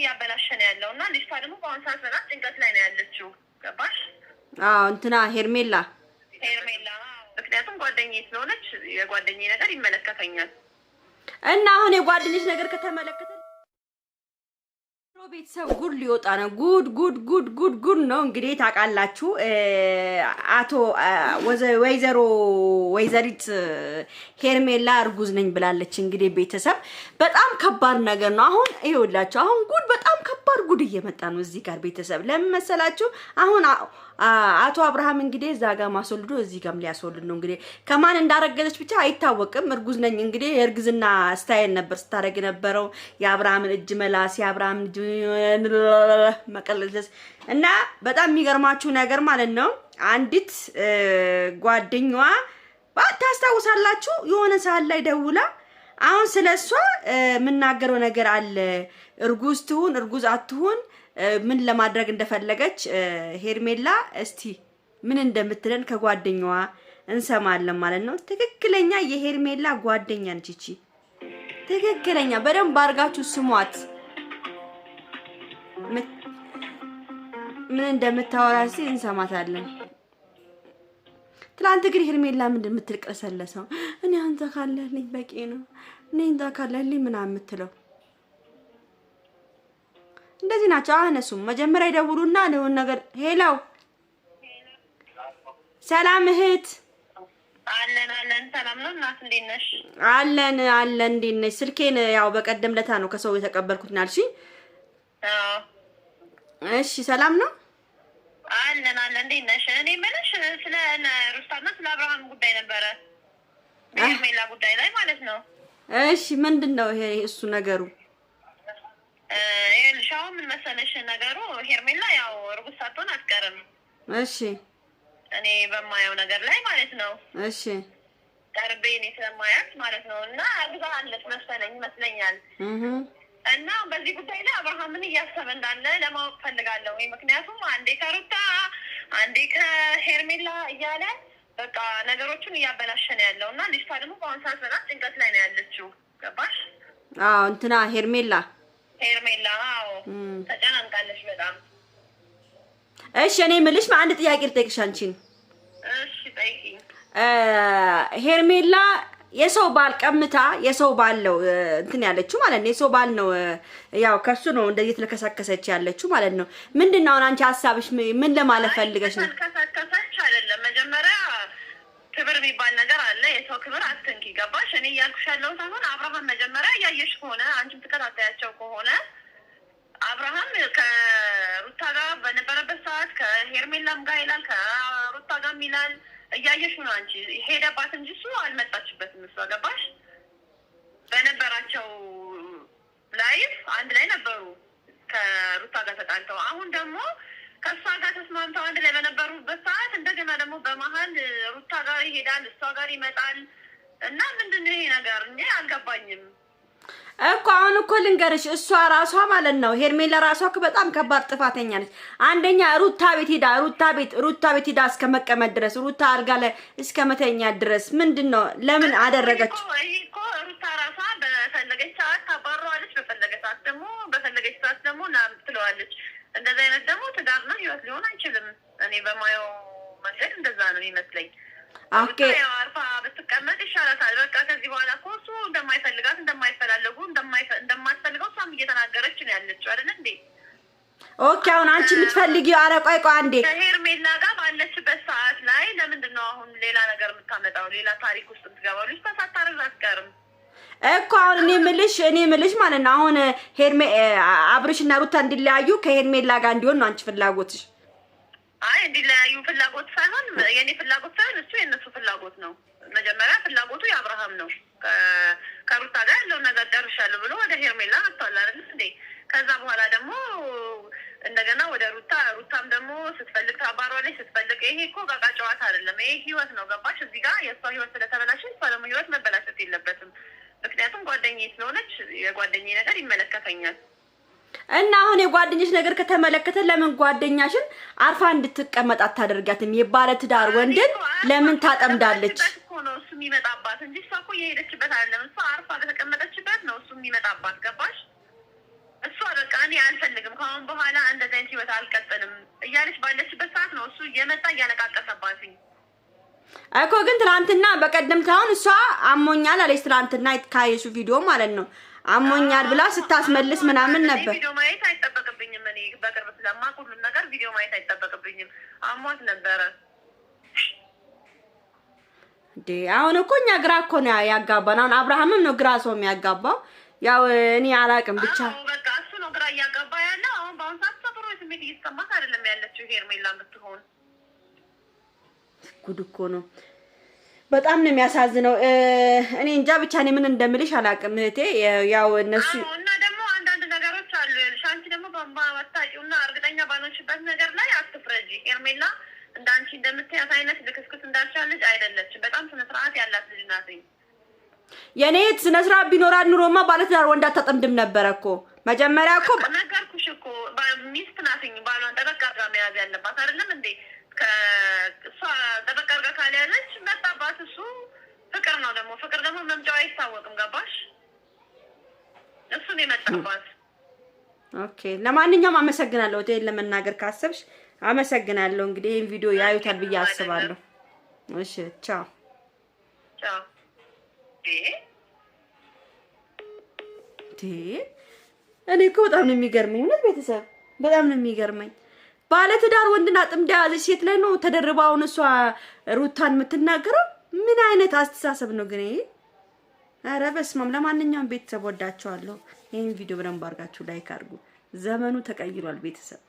እያበላሸ ነው ያለው እና ልጅቷ ደግሞ በአሁኑ ሰዓት በጣም ጭንቀት ላይ ነው ያለችው። ገባሽ? አዎ እንትና ሄርሜላ ሄርሜላ፣ ምክንያቱም ጓደኛዬ ስለሆነች የጓደኛዬ ነገር ይመለከተኛል እና አሁን የጓደኞች ነገር ከተመለከተ ቤተሰብ ጉድ ሊወጣ ነው። ጉድ ጉድ ጉድ ጉድ ጉድ ነው እንግዲህ ታውቃላችሁ። አቶ ወይዘሮ ወይዘሪት ሄርሜላ እርጉዝ ነኝ ብላለች። እንግዲህ ቤተሰብ በጣም ከባድ ነገር ነው። አሁን ይኸውላችሁ አሁን ጉድ በጣም ከባድ ጉድ እየመጣ ነው እዚህ ጋር ቤተሰብ ለምን መሰላችሁ? አሁን አቶ አብርሃም እንግዲህ እዛ ጋር ማስወልዶ እዚህ ጋም ሊያስወልድ ነው። እንግዲህ ከማን እንዳረገዘች ብቻ አይታወቅም። እርጉዝ ነኝ እንግዲህ የእርግዝና ስታይል ነበር ስታደርግ ነበረው። የአብርሃምን እጅ መላስ፣ የአብርሃምን እጅ መቀለለስ እና በጣም የሚገርማችሁ ነገር ማለት ነው አንዲት ጓደኛዋ ታስታውሳላችሁ፣ የሆነ ሰዓት ላይ ደውላ አሁን ስለ እሷ የምናገረው ነገር አለ እርጉዝ ትሁን እርጉዝ አትሁን ምን ለማድረግ እንደፈለገች ሄርሜላ እስቲ ምን እንደምትለን ከጓደኛዋ እንሰማለን ማለት ነው። ትክክለኛ የሄርሜላ ጓደኛ ነች ይቺ። ትክክለኛ በደንብ አድርጋችሁ ስሟት። ምን እንደምታወራ እስቲ እንሰማታለን። ትላንት ግን ሄርሜላ ምንድን የምትልቀሰለሰው እኔ አንተ ካለህልኝ በቂ ነው እኔ አንተ ካለህልኝ ምናምን የምትለው እንደዚህ ናቸው። አነሱም መጀመሪያ ይደውሉና ለሆን ነገር ሄለው ሰላም እህት አለን አለን ሰላም ነው አለን አለን እንዴት ነሽ? ስልኬን ያው በቀደም ለታ ነው ከሰው የተቀበልኩት ናልሽ። እሺ ሰላም ነው አለን አለን እንዴት ነሽ? እኔ የምልሽ ስለ ሩስታና ስለ አብርሃም ጉዳይ ነበረ ሜላ ጉዳይ ላይ ማለት ነው። እሺ ምንድን ነው ይሄ እሱ ነገሩ? ይኸውልሽ ምን መሰለሽ ነገሩ ሄርሜላ ያው እርጉዝ ሳትሆን አትቀርም። እሺ እኔ በማየው ነገር ላይ ማለት ነው። እሺ ቀርቤ እኔ ስለማያት ማለት ነው። እና እርጉዝ አለች መሰለኝ ይመስለኛል። እና በዚህ ጉዳይ ላይ አብርሃምን እያሰበ እንዳለ ለማወቅ ፈልጋለሁ። ምክንያቱም አንዴ ከሩታ አንዴ ከሄርሜላ እያለ በቃ ነገሮቹን እያበላሸ ነው ያለው እና ልጅቷ ደግሞ በአሁን ሰዓት በጣም ጭንቀት ላይ ነው ያለችው። ገባሽ? አዎ እንትና ሄርሜላ ሄርሜላ ተጨናንቃለች በጣም። እሺ እኔ የምልሽ አንድ ጥያቄ ልጠይቅሽ አንቺን። እሺ ጠይቂ። ሄርሜላ የሰው ባል ቀምታ የሰው ባል ነው እንትን ያለችው ማለት ነው። የሰው ባል ነው ያው ከሱ ነው እንደዚህ የተለከሳከሰች ያለችው ማለት ነው። ምንድን ነው አሁን አንቺ ሀሳብሽ ምን ለማለት ፈልገሽ ነው? ተለከሳከሰች አይደለም። መጀመሪያ ክብር የሚባል ነገር አለ። የሰው ክብር አትንኪ። ገባሽ? እኔ እያልኩሽ ያለሁት አሁን አብርሃም መጀመሪያ እያየሽ ከሆነ አንቺም ትከታተያ ጋር ይላል፣ ከሩታ ጋርም ይላል። እያየሽ ነው አንቺ። ሄደባት እንጂ እሱ አልመጣችበትም። እሷ ገባሽ? በነበራቸው ላይፍ አንድ ላይ ነበሩ ከሩታ ጋር ተጣልተው፣ አሁን ደግሞ ከእሷ ጋር ተስማምተው አንድ ላይ በነበሩበት ሰዓት እንደገና ደግሞ በመሀል ሩታ ጋር ይሄዳል፣ እሷ ጋር ይመጣል እና ምንድን ነው ይሄ ነገር? እኔ አልገባኝም። እኮ አሁን እኮ ልንገርሽ፣ እሷ ራሷ ማለት ነው ሄርሜላ ራሷ በጣም ከባድ ጥፋተኛ ነች። አንደኛ ሩታ ቤት ሄዳ ሩታ ቤት ሩታ ቤት ሄዳ እስከ መቀመጥ ድረስ ሩታ አልጋ ላይ እስከ መተኛ ድረስ ምንድን ነው ለምን አደረገች? ሩታ ራሷ በፈለገች ሰዓት ታባረዋለች፣ በፈለገች ሰዓት ደግሞ በፈለገች ሰዓት ደግሞ ናም ትለዋለች። እንደዚህ አይነት ደግሞ ትዳር ነው፣ ህይወት ሊሆን አይችልም። እኔ በማየው መንገድ እንደዛ ነው ይመስለኝ። አኬ አርፋ ብትቀመጥ ይሻላታል። በቃ ከዚህ በኋላ እኮ እሱ እንደማይፈልጋት እንደማይፈላለጉ እንደማትፈልገው እሷም እየተናገረች ነው ያለችው አይደል እንዴ? ኦኬ አሁን አንቺ የምትፈልጊው አረ ቆይ ቆይ አንዴ ከሄርሜላ ጋር ባለችበት ሰዓት ላይ ለምንድን ነው አሁን ሌላ ነገር የምታመጣው? ሌላ ታሪክ ውስጥ የምትገባው ልጅ ሳታረግ አትቀርም እኮ አሁን እኔ ምልሽ እኔ ምልሽ ማለት ነው አሁን ሄርሜ አብርሽና ሩታ እንዲለያዩ ከሄርሜላ ጋር እንዲሆን ነው አንቺ ፍላጎትሽ አይ እንዲለያዩ ፍላጎት ሳይሆን የኔ ፍላጎት ሳይሆን እሱ የእነሱ ፍላጎት ነው። መጀመሪያ ፍላጎቱ የአብርሃም ነው። ከሩታ ጋር ያለውን ነገር ጨርሻለሁ ብሎ ወደ ሄርሜላ መጥቷል አይደል እንዴ? ከዛ በኋላ ደግሞ እንደገና ወደ ሩታ ሩታም ደግሞ ስትፈልግ ታባሯለች፣ ስትፈልግ ይሄ እኮ ጋጋ ጨዋታ አይደለም። ይሄ ህይወት ነው። ገባሽ? እዚህ ጋር የእሷ ህይወት ስለተበላሸ እሷ ደግሞ ህይወት መበላሸት የለበትም። ምክንያቱም ጓደኝ ስለሆነች የጓደኝ ነገር ይመለከተኛል። እና አሁን የጓደኞች ነገር ከተመለከተ ለምን ጓደኛሽን አርፋ እንድትቀመጥ አታደርጋትም? የባለ ትዳር ወንድን ለምን ታጠምዳለች? እሱ የሚመጣባት እንጂ እሷ እኮ የሄደችበት አይደለም። እሷ አርፋ በተቀመጠችበት ነው እሱ የሚመጣባት። ገባሽ? እሷ በቃ እኔ አልፈልግም ከአሁን በኋላ እንደዚህ አይነት ህይወት አልቀጥልም እያለች ባለችበት ሰዓት ነው እሱ እየመጣ እያነቃቀሰባትኝ እኮ። ግን ትናንትና በቀደምት አሁን እሷ አሞኛል አለች። ትናንትና ካየሱ ቪዲዮ ማለት ነው አሞኛል ብላ ስታስመልስ ምናምን ነበር። ቪዲዮ ማየት አይጠበቅብኝም። እኔ በቅርብ ስለማውቅ ሁሉም ነገር ቪዲዮ ማየት አይጠበቅብኝም። አሟት ነበረ እንዴ። አሁን እኮ እኛ ግራ እኮ ነው ያጋባን። አሁን አብርሃምም ነው ግራ ሰው የሚያጋባው። ያው እኔ አላውቅም ብቻ በቃ እሱ ነው ግራ እያጋባ ያለ። አሁን በአሁን ሰዓት ሰብሮ ስሜት እየተሰማት አይደለም ያለችው ሄርሜላ ምትሆን ጉድ እኮ ነው። በጣም ነው የሚያሳዝነው። እኔ እንጃ ብቻ እኔ ምን እንደምልሽ አላውቅም እህቴ። ያው እነሱ እና ደግሞ አንዳንድ ነገሮች አሉ አንቺ ደግሞ በማታውቂውና እርግጠኛ ባልሆንሽበት ነገር ላይ አትፍረጂ። ኤርሜላ እንደ አንቺ እንደምትያት አይነት ልክስክስ ልጅ አይደለችም። በጣም ያላት ልጅ ናት። የእኔ ስነ ስርዓት ቢኖራት ኑሮማ ባለትዳር ወንድ አታጠምድም ነበረ እኮ መጀመሪያ እኮ ነገርኩሽ እኮ ሚስት ናትኝ። ባሏን ጠበቅ መያዝ ያለባት አይደለም እንዴ ከእሷ ጠበቃ አድርጋ መጣባት። እሱ ፍቅር ነው ደግሞ ፍቅር ደግሞ መምጫው አይታወቅም። ገባሽ? እሱን የመጣባት ኦኬ። ለማንኛውም አመሰግናለሁ። ሆቴል ለመናገር ካሰብሽ አመሰግናለሁ። እንግዲህ ይህን ቪዲዮ ያዩታል ብዬ አስባለሁ። እሺ፣ ቻው ቻው። እኔ እኮ በጣም ነው የሚገርመኝ እውነት ቤተሰብ፣ በጣም ነው የሚገርመኝ ባለትዳር ወንድና ጥምዳ ያዘች ሴት ላይ ነው ተደርባ አሁን እሷ ሩታን የምትናገረው። ምን አይነት አስተሳሰብ ነው ግን ይሄ? ኧረ በስመ አብ። ለማንኛውም ቤተሰብ ወዳቸዋለሁ። ይህን ቪዲዮ በደንብ አድርጋችሁ ላይክ አድርጉ። ዘመኑ ተቀይሯል ቤተሰብ